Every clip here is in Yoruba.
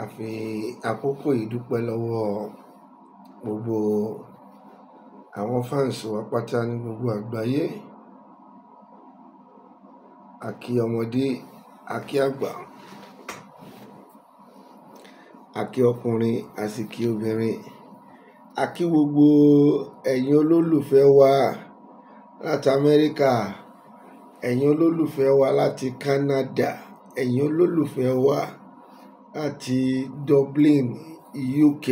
a fi àkókò yìí dúpẹ́ lọ́wọ́ gbogbo àwọn fans wa pátá ní gbogbo àgbáyé a kí ọmọdé a kí àgbà a kí ọkùnrin a sì kí obìnrin a gbogbo ẹ̀yin olólùfẹ́ wa láti Amẹ́ríkà ẹ̀yin olólùfẹ́ wa láti Canada ẹ̀yin olólùfẹ́ wa àti Dublin UK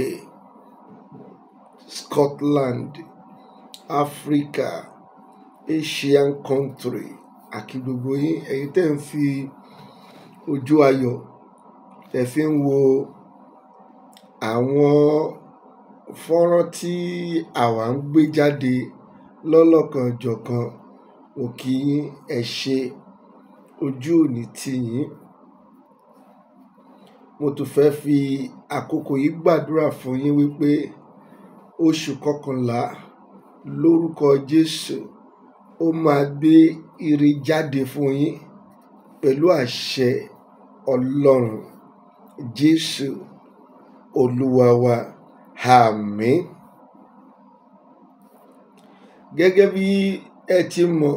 Scotland Africa Asian country àti gbogbo yín ẹ̀yin tẹ́ ń fi ojú ayọ̀ tẹ́ fi ń wo àwọn fọ́nrán tí àwa ń gbé jáde lọ́lọ́kanjọ̀kan òkì yín ẹ ojú òní tì mo tún fẹ́ fi àkókò yìí gbàdúrà fún yín wípé oṣù kọkànlá lórúkọ Jésù ó máa gbé ire jáde fún yín pẹ̀lú àṣẹ Ọlọ́run Jésù Olúwa wa Gẹ́gẹ́ bí ẹ ti mọ̀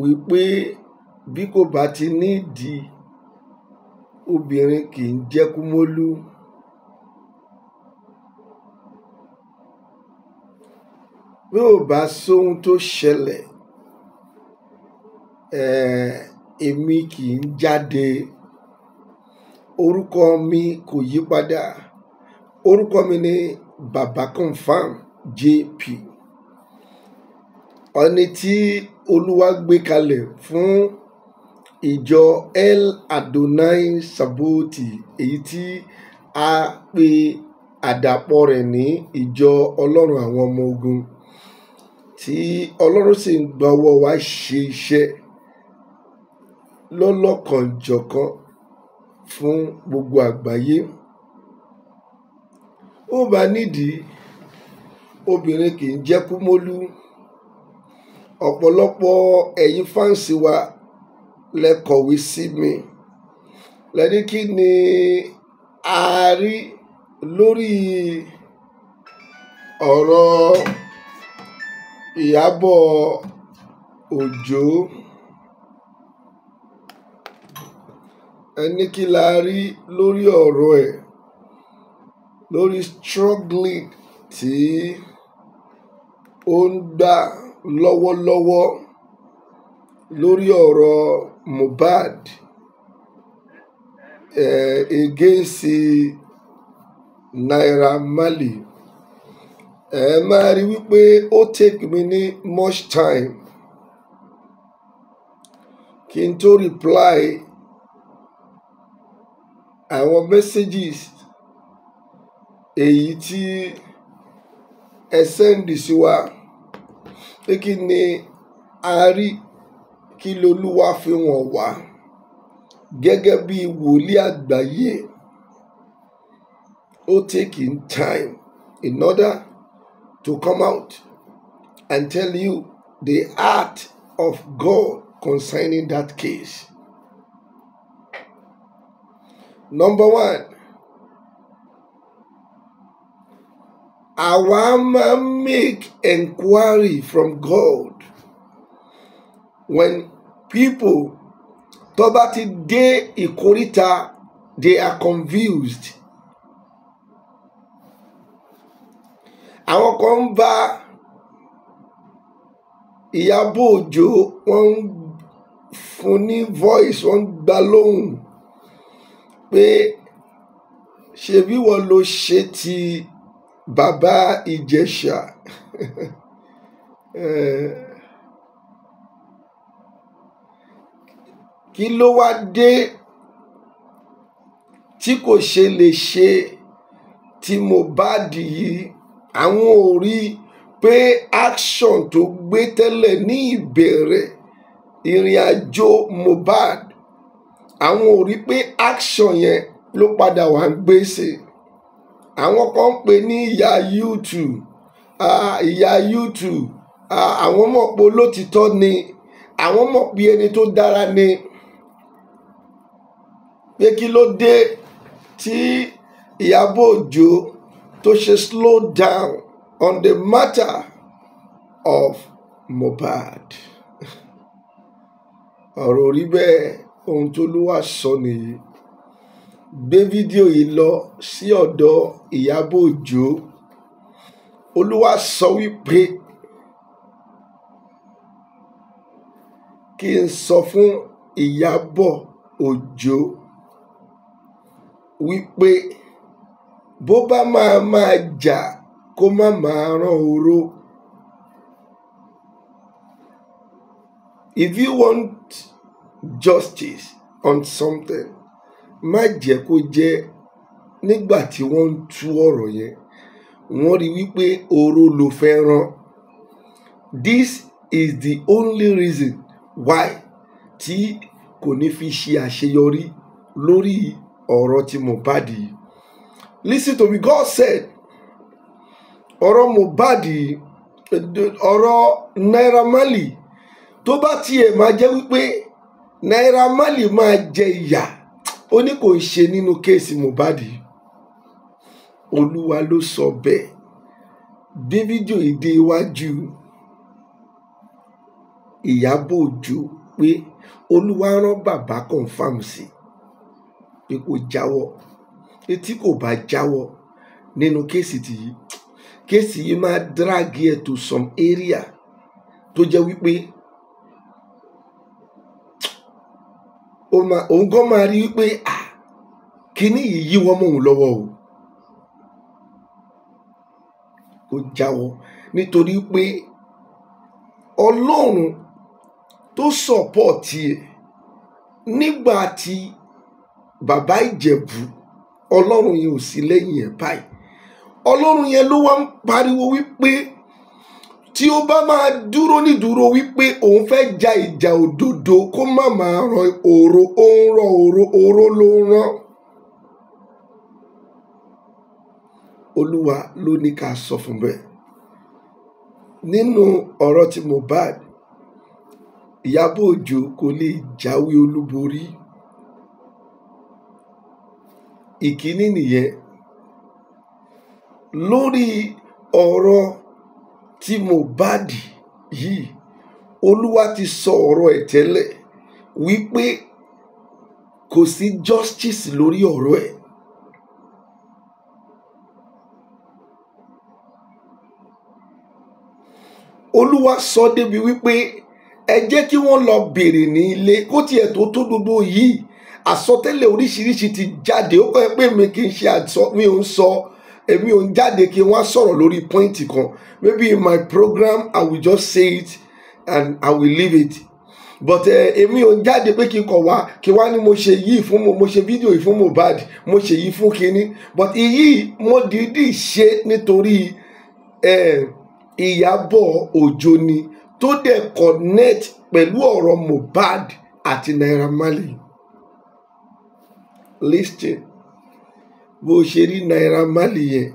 wípé bí kò bá ti ní ìdí obìnrin kì í jẹ́ kúmólú. bí ò bá sóhun tó ṣẹlẹ̀ èmi kì í jáde orúkọ mi kò yí padà orúkọ mi ni baba confam jp ọni tí olúwa gbé kalẹ̀ fún ìjọ el adonai sabooti èyí tí a pe àdàpọ̀ rẹ̀ ní ìjọ ọlọ́run àwọn ọmọ ogun tí ọlọ́run sì ń gba ọwọ́ wa ṣe iṣẹ́ lọ́lọ́kanjọ̀kan fún gbogbo àgbáyé ó bá nídìí obìnrin kì í jẹ́ kúmólú ọ̀pọ̀lọpọ̀ ẹ̀yin fáǹsì wa lẹ kọ̀wé sí mi lẹ́ni kí ni a rí lórí ọ̀rọ̀ Ìyábọ̀ Òjó ẹni kí la rí lórí ọ̀rọ̀ ẹ̀ lórí struggling tí ó ń gbà lọ́wọ́lọ́wọ́. Lọ́wọ́ lórí ọ̀rọ̀ Mohbad eh, against Naira Marley ẹ eh, máa rí wípé ó take me ní much time kí n tó reply àwọn messages èyí tí ẹ send sí wa pé kí ni a rí kí lolúwa fi wọ̀n wá gẹ́gẹ́ bí wòlíì àgbáyé ó take in time in order to come out and tell you the heart of God concerning that case. Number one, àwa máa make enquiry from God when people tó bá ti dé ìkóríta they are confused àwọn kan ń bá Ìyábọ̀ Òjó wọ́n ń fún ní voice wọ́n ń gba lóhùn pé ṣebí wọ́n ló ṣe ti bàbá Ìjẹ̀ṣà. Eh, kí ló wá dé tí kò ṣe lè ṣe tí Mohbad yìí àwọn ò rí pé action tó gbé tẹ́lẹ̀ ní ìbẹ̀rẹ̀ ìrìn àjò Mohbad àwọn ò rí pé action yẹn ló padà wà ń gbèsè àwọn kan ń pè ní ìyá YouTube ìyá YouTube àwọn mọ̀ pé olótìtọ́ ni àwọn mọ̀ pé ẹni tó dára ni pé kí ló dé tí Ìyábọ̀ Òjó tó ṣe slow down on the matter of Mohbad ọ̀rọ̀ rí bẹ́ẹ̀ ohun tó ló wà sọ nìyí gbé fídíò yìí lọ sí ọ̀dọ̀ Ìyábọ̀ Òjó Olúwa sọ wípé kí n sọ fún Ìyábọ̀ Òjó wípé bó bá máa máa jà kó má máa rán oró. If you want justice on something, má jẹ́ kó jẹ́ nígbà tí wọ́n ń tú ọ̀rọ̀ yẹn wọ́n rí wípé oró ló fẹ́ rán. This is the only reason why tí kò ní fi ṣe àṣeyọrí lórí yìí ọ̀rọ̀ ti Mohbad yìí listen to me God said ọ̀rọ̀ Mohbad ọ̀rọ̀ Naira Marley tó bá tiẹ̀ máa jẹ́ wípé Naira Marley máa jẹ ìyà ó ní kò ń ṣe nínú kéèsì Mohbad olúwa ló sọ bẹ́ẹ̀ bí èdè iwájú Ìyábọ̀ Òjó pé olúwa rán bàbá confam sí i pé kó jáwọ́ etí kò bá jáwọ́ nínú kéèsì tìyí kéèsì yìí máa drag ẹ̀ to some area tó jẹ́ wípé òun gan máa rí wípé à kíní yìí yíwọ́ mọ́ òun lọ́wọ́ o kó jáwọ́ nítorí pé ọlọ́run tó sọ̀pọ̀ tiẹ̀ nígbà tí bàbá ìjẹ̀bú ọlọ́run yẹn ò sí lẹ́yìn ẹ̀ báyìí ọlọ́run yẹn ló wá ń pariwo wípé tí ó bá máa dúró nídúró wípé òun fẹ́ ja ìjà òdodo kó má máa ran òro ó ń rọ òro ló ń rán. olúwa ló ní ká sọ fún bẹ́ẹ̀ nínú ọ̀rọ̀ tí Mohbad Ìyábọ̀ Òjó kò lè jáwé olúborí ìkíní nìyẹn lórí ọ̀rọ̀ tí Mohbad yìí olúwa ti sọ ọ̀rọ̀ ẹ̀ tẹ́lẹ̀ wípé kò sí justice lórí ọ̀rọ̀ ẹ̀. olúwa sọ débi wípé ẹ jẹ́ kí wọ́n lọ bèrè ní ilé kó tiẹ̀ tó tó gbogbo yìí àsọtẹ́lẹ̀ oríṣiríṣi ti jáde ó kọ́ ẹ pé mi kì í ṣe àsọ mi ò ń sọ èmi ò ń jáde kí wọ́n sọ̀rọ̀ lórí pọ́ìntì kan maybe in my program I will just say it and I will leave it but eh, èmi ò ń jáde pé kí n kọ̀ wá kí wá ní mo ṣe yìí fún mo mo ṣe fídíò yìí fún Mohbad mo ṣe yìí fún kinní but iyì mo dìídì ṣe nítorí eh, Ìyábọ̀ Òjó ni tó dẹ̀ connect pẹ̀lú ọ̀rọ̀ Mohbad àti Naira Marley listing bó ṣe rí naira marley yẹn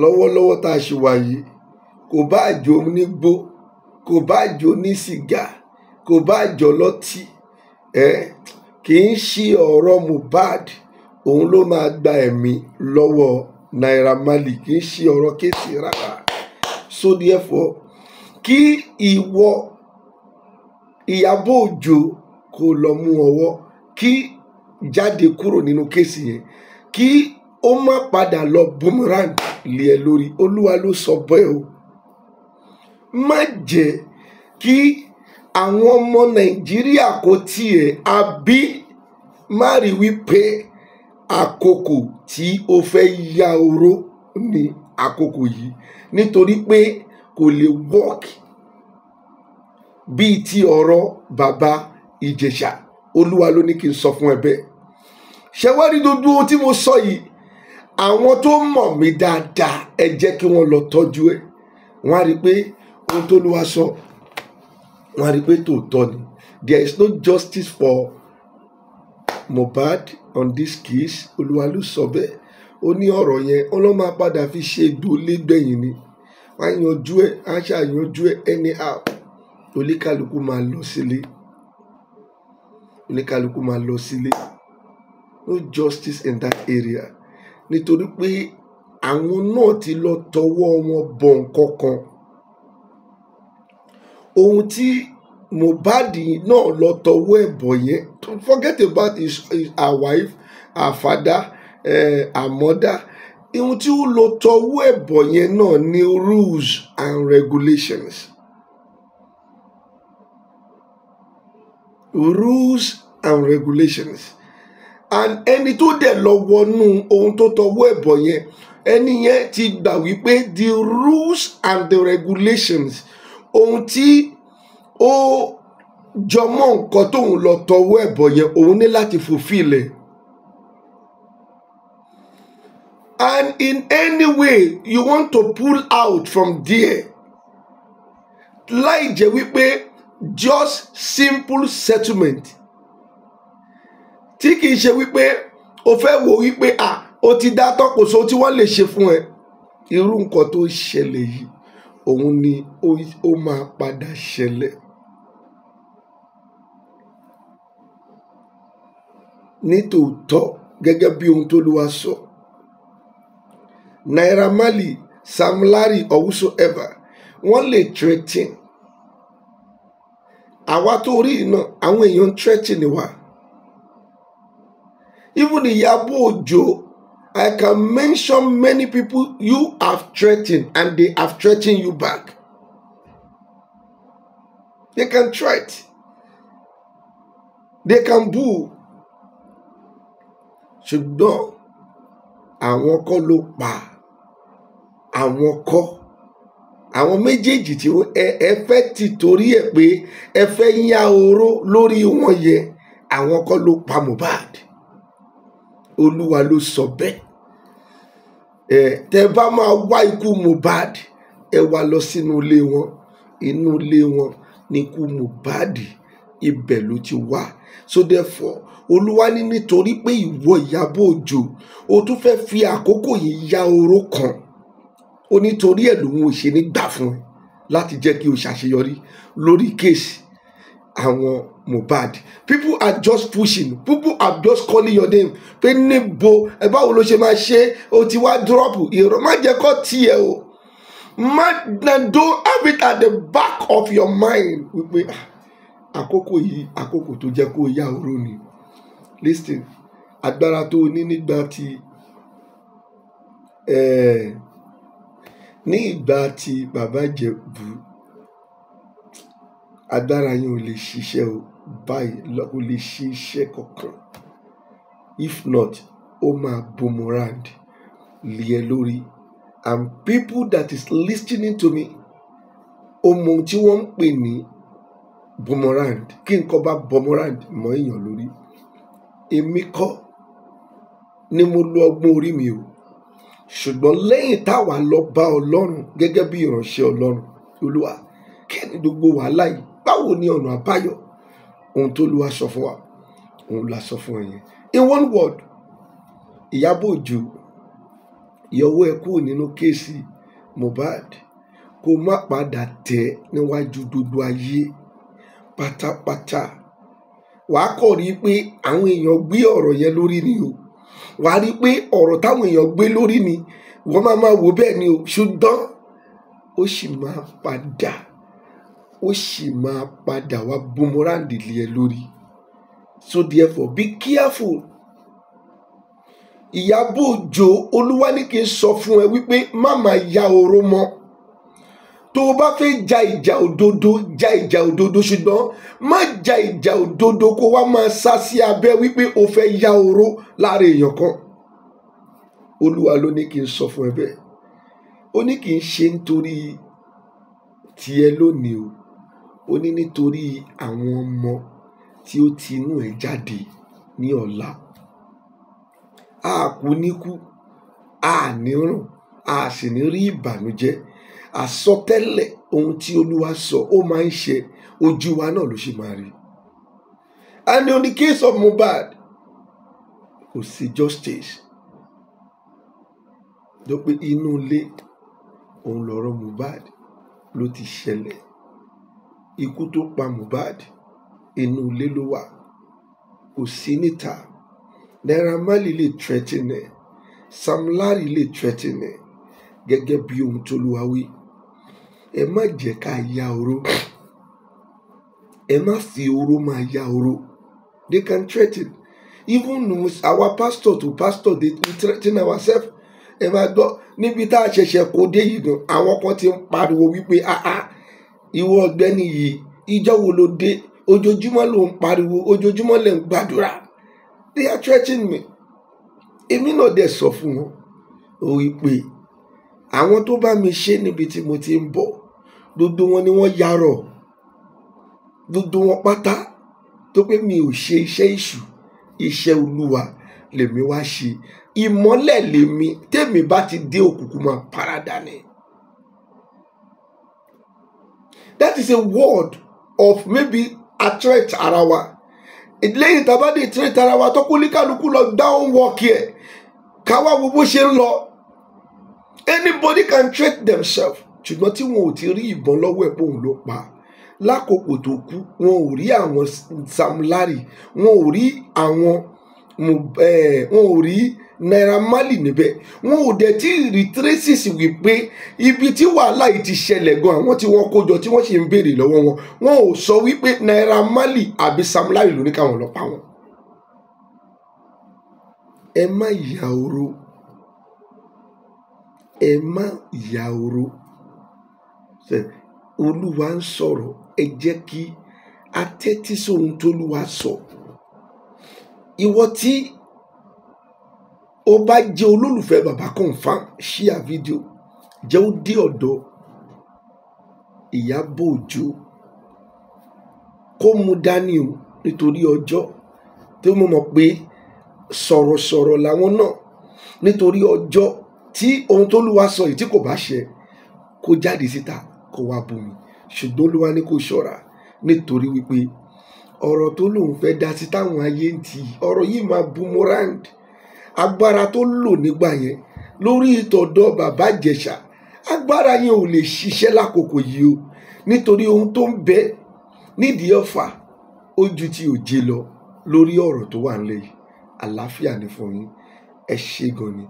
lọ́wọ́lọ́wọ́ tá a ṣe wà yìí kò bá àjò onígbó kò bá àjò ní sìgá kò bá àjò lọ́tí ẹ kì í ṣe ọ̀rọ̀ Mohbad òun ló máa gba ẹ̀mí lọ́wọ́ naira marley kì í ṣe ọ̀rọ̀ kéèsì rárá so therefore kí ìwọ Ìyábọ̀ Òjó kó lọ mú ọwọ́ kí jáde kúrò nínú kéèsì yẹn kí ó má padà lọ boomerang lé ẹ lórí olúwa ló sọ bẹ́ẹ̀ o má jẹ́ kí àwọn ọmọ nàìjíríà kò tiẹ̀ àbí má rí wípé àkókò tí o fẹ́ ya oró ní àkókò yìí nítorí pé kò lè work bíi ti ọ̀rọ̀ bàbá ìjẹ̀ṣà olúwa ló ní kí n sọ fún ẹ bẹ́ẹ̀ ṣẹwárí dúdú tí mo sọ yìí àwọn tó mọ̀ mí dáadáa ẹ jẹ́ kí wọ́n lọ tọ́jú ẹ wọ́n á rí i pé ohun tó lúwa sọ wọ́n á rí i pé tòótọ́ ni there is no justice for Mohbad on this case olúwa ló sọ bẹ́ẹ̀ ó ní ọ̀rọ̀ yẹn ọlọ́mọ apádà fi ṣe gbólégbẹ̀yìn ni wọ́n á yanjú ẹ̀ á ṣàyanjú ẹ̀ anyhow oníkálukú máa lọ sílé oníkálukú máa lọ sílé no justice in that area nítorí pé àwọn náà ti lọ tọwọ́ wọn bọ̀ nǹkan kan ohun tí Mohbad náà lọ tọwọ́ ẹ̀ bọ̀ yẹn don't forget about his, his, her wife her father uh, eh, her mother ohun tí ó lọ tọwọ́ ẹ̀ bọ̀ yẹn náà ni rules and regulations rules and regulations and ẹni tó dẹ̀ lọ wọnú ohun tó tọwọ́ ẹ̀bọ̀ yẹn ẹni yẹn ti gbà wípé the rules and the regulations ohun tí ó jọmọ́ nǹkan tóun lọ tọwọ́ ẹ̀bọ̀ yẹn òun ní láti fulfill and in any way you want to pull out from there láì jẹ́ wípé just simple settlement tí kìí ṣe wípé o fẹ́ wò wípé à o ti dá tọ́kùsọ tí wọ́n lè ṣe fún ẹ irú nǹkan tó ṣẹlẹ̀ yìí òun ni ó máa padà ṣẹlẹ̀. nítòótọ́ gẹ́gẹ́ bí ohun tó lùwà sọ Naira Marley Sam Larry or wọ́n lè threaten àwa tó rí iná àwọn èèyàn ń threatening wa even Ìyábọ̀ Òjó I can mention many people you have threatened and they have threatened you back they can threat they can boo ṣùgbọ́n àwọn kọ́ ló pa àwọn kọ́ àwọn méjèèjì tí ẹ fẹ́ ti torí ẹ̀ pé ẹ fẹ́ yá oró lórí wọn yẹ àwọn kọ́ ló pa Mohbad olúwa ló sọ bẹ́ẹ̀ ẹ tẹ bá máa wá ikú Mohbad ẹ wá lọ sínú ilé wọn inú ilé wọn ní ikú Mohbad ibẹ̀ ló ti wá so therefore olúwa ní nítorí pé ìwọ Ìyábọ̀ Òjó o tún fẹ́ fi àkókò yìí ya oró kan ó nítorí ẹ̀ lòun ò ṣe ní gbà fún ẹ láti jẹ́ kí o ṣàṣeyọrí lórí kéèsì àwọn Mohbad people are just pushing people are just calling your name pé níbo ẹ báwo ló ṣe máa ṣe o ti wá drop irọ́ má jẹ́ kó tiẹ̀ o má don't have it at the back of your mind wípé ah, àkókò yìí àkókò tó jẹ́ kó yá oró ni listen agbára tó o ní nígbà tí. Eh, ní ìgbà tí bàbá Ìjẹ̀bú agbára yín ò lè ṣiṣẹ́ o báyìí ò lè ṣe kankan if not ó máa boomerang lé ẹ lórí and people that is listening to me ó mọ ohun tí wọ́n ń pè ní boomerang kí nǹkan bá boomerang mọ́ èèyàn lórí èmi kọ́ ni mo lo ọgbọ́n orí mi o ṣùgbọ́n lẹ́yìn táwa lọ bá ọlọ́run gẹ́gẹ́ bí ìránṣẹ́ ọlọ́run olúwa kí ni gbogbo wàhálà yìí báwo ni ọ̀nà àbáyọ ohun tó lúwa sọ fún wa òun la sọ fún ẹ̀yin in one word Ìyábọ̀ Òjó yọwọ́ ẹ kúrò nínú kéèsì Mohbad kó má padà tẹ̀ níwájú gbogbo ayé pátápátá wàá kọ̀ rí i pé àwọn èèyàn gbé ọ̀rọ̀ yẹn lórí ni o wàá rí i pé ọ̀rọ̀ táwọn èèyàn gbé lórí ni wọ́n máa máa wò bẹ́ẹ̀ ni o ṣùgbọ́n ó sì máa padà ó sì máa padà wá boomerang lé ẹ lórí so therefore be careful Ìyábọ̀ Òjó Olúwa ní kí n sọ fún ẹ wípé má máa ya oró mọ́ tó o bá fẹ́ ja ìjà òdodo ja ìjà òdodo ṣùgbọ́n má ja ìjà òdodo kó wá máa sá sí abẹ́ wípé o fẹ́ ya oró lára èèyàn kan olúwa ló ní kí n sọ fún ẹ bẹ́ẹ̀ ó ní kì í ṣe nítorí tiẹ lónìí o ó ní nítorí àwọn ọmọ tí ó ti inú ẹ jáde ní ọ̀la a kú níkú a ní a sì ní rí ìbànújẹ́ àsọtẹ́lẹ̀ ohun tí olúwa sọ ó máa ń ṣe ojú wa náà ló ṣe máa rí and on the case of Mohbad kò sí justice jọ pé inú ilé òun lọ̀rọ̀ Mohbad ló ti ṣẹlẹ̀ ikú tó pa Mohbad inú ilé ló wà kò sí níta Naira Marley lè threaten ẹ Sam Larry lè threaten ẹ gẹ́gẹ́ bí ohun tó lu wa ẹ má jẹ́ ká ya oró ẹ má fi oró máa ya oró they can threaten even with our pastor to pastor they we threaten ourselves ẹ máa gbọ́ níbi tá a ṣẹ̀ṣẹ̀ kó dé yìí nù àwọn kan ti ń pariwo wípé àá ìwọ ọ̀gbẹ́ni yìí ìjọ wo ló dé ojoojúmọ́ ló ń pariwo ojoojúmọ́ lè ń gbàdúrà they are threatening me èmi náà dẹ̀ sọ fún wọn wípé àwọn tó bá mi ṣe níbi tí mo ti ń bọ̀ gbogbo wọn ni wọ́n yarọ̀ gbogbo wọn pátá tó pé mi ò ṣe iṣẹ́ ìṣù iṣẹ́ olúwa lèmi wá ṣe ìmọ́lẹ̀ lèmi tèmi bá ti dé òkùnkùn máa parada ni. that is a word of maybe attract ara wa lẹ́yìn tá a bá dé attract ara wa tó kó líkàlùkù lọ down work ẹ̀ káwá wo bó ṣe ń lọ anybody can treat themselves ṣùgbọ́n tí wọn ò ti rí ìbọn lọ́wọ́ ẹ̀ pòun ló pa lákòókò tó kú wọn ò rí àwọn Sam Larry wọn ò rí àwọn wọn ò rí Naira Marley níbẹ̀ wọn ò dẹ̀ tí rí traces wípé ibi tí wàhálà yìí ti ṣẹlẹ̀ gan àwọn tí wọ́n kó jọ tí wọ́n sì ń béèrè lọ́wọ́ wọn wọn ò sọ wípé Naira Marley àbí Sam ló ní káwọn lọ pa wọn. ẹ má yà oró ẹ má yà oró olúwa ń sọ̀rọ̀ ẹ jẹ́ kí a tẹ́tí sóhun tólúwa sọ ìwọ tí ó bá jẹ́ olólùfẹ́ bàbá confam ṣíà fídíò jẹ́ ó dé ọ̀dọ̀ Ìyábọ̀ Òjó kó mu dání o nítorí ọjọ́ tó mo mọ̀ pé sọ̀rọ̀sọ̀rọ̀ làwọn náà nítorí ọjọ́ tí ohun tó lù wá sọ yìí tí kò bá ṣe kó jáde síta kó wá bomi ṣùgbọ́n olúwa ní kó ṣọ́ra nítorí wípé ọ̀rọ̀ tó lòun fẹ́ dá sí táwọn ayé ń tì ọ̀rọ̀ yìí máa boomerang agbára tó lò nígbà yẹn lórí ìtọ̀dọ̀ bàbá ìjẹ̀ṣà agbára yẹn ò lè ṣiṣẹ́ lákòókò yìí o nítorí ohun tó ń bẹ nídìí ọ̀fà ó ju ti òjé lọ lórí ọ̀rọ̀ tó wà nílẹ̀ yìí àlàáfíà ni fún yín ẹ ṣé gan ni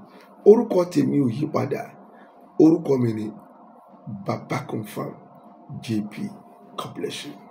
orúkọ tèmi ò yí padà orúkọ mi ni ba pa konfan, di epi, ka plesye.